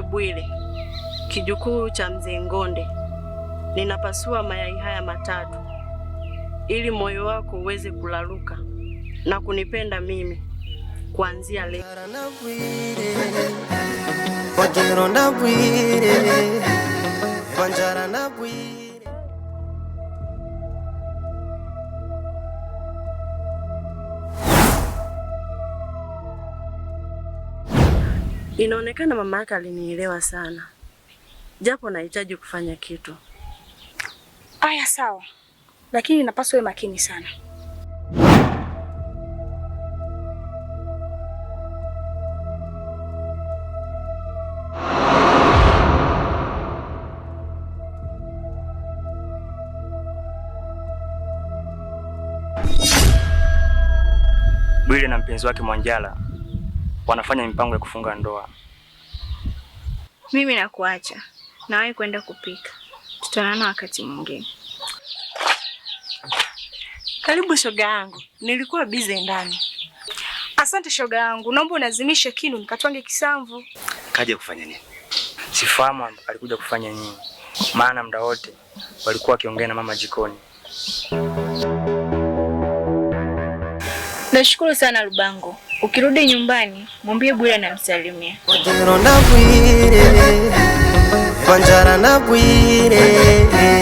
mwenyewe Bwile, kijukuu cha mzee Ngonde, ninapasua mayai haya matatu ili moyo wako uweze kulaluka na kunipenda mimi kuanzia leo. Inaonekana mama yake alinielewa sana, japo nahitaji kufanya kitu. Aya, sawa, lakini napaswa uwe makini sana. Bwile na mpenzi wake Mwanjala wanafanya mipango ya kufunga ndoa. Mimi nakuacha, nawahi kwenda kupika, tutaonana wakati mwingine. Karibu shoga yangu, nilikuwa bize ndani. Asante shoga yangu, naomba unazimishe kinu nikatwange kisamvu. Kaja kufanya nini? Sifahamu alikuja kufanya nini, maana muda wote walikuwa wakiongea na mama jikoni. Nashukuru sana rubango Ukirudi nyumbani mwambie Bwira namsalimia. Wanjara na Bwire, Wanjara na Bwire.